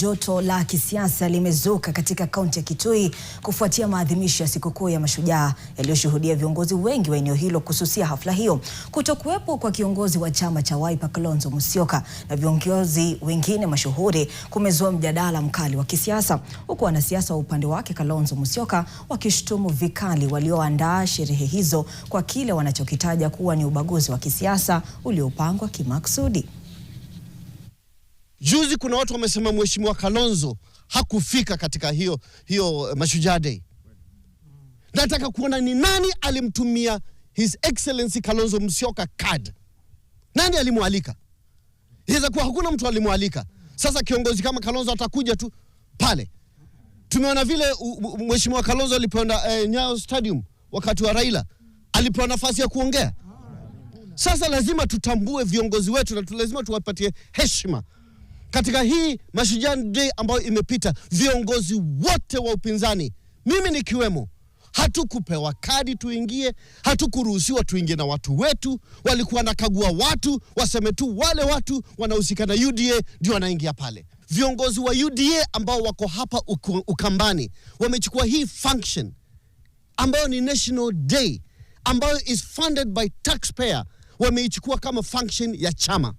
joto la kisiasa limezuka katika kaunti ya Kitui kufuatia maadhimisho ya sikukuu ya Mashujaa yaliyoshuhudia viongozi wengi wa eneo hilo kususia hafla hiyo. Kutokuwepo kwa kiongozi wa chama cha Wiper Kalonzo Musyoka na viongozi wengine mashuhuri kumezua mjadala mkali wa kisiasa, huku wanasiasa wa upande wake Kalonzo Musyoka wakishutumu vikali walioandaa sherehe hizo kwa kile wanachokitaja kuwa ni ubaguzi wa kisiasa uliopangwa kimakusudi. Juzi kuna watu wamesema mheshimiwa Kalonzo hakufika katika hiyo, hiyo eh, Mashujaa Day. Nataka kuona ni nani alimtumia His Excellency Kalonzo Musyoka card. Nani alimwalika? Inaweza kuwa hakuna mtu alimwalika. Sasa kiongozi kama Kalonzo atakuja tu pale. Tumeona vile mheshimiwa Kalonzo alipoenda eh, Nyayo Stadium wakati wa Raila alipewa nafasi ya kuongea. Sasa lazima tutambue viongozi wetu na lazima tuwapatie heshima katika hii Mashujaa Day ambayo imepita, viongozi wote wa upinzani, mimi nikiwemo, hatukupewa kadi tuingie, hatukuruhusiwa tuingie na watu wetu. Walikuwa nakagua watu waseme tu wale watu wanahusika na UDA ndio wanaingia pale. Viongozi wa UDA ambao wako hapa Ukambani wamechukua hii function ambayo ni National Day ambayo is funded by taxpayer, wameichukua kama function ya chama.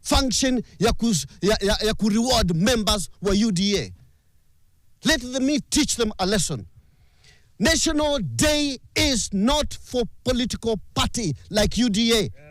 function ya, kus, ya, ya, ya ku reward members wa UDA. Let me teach them a lesson. National Day is not for political party like UDA. Yeah.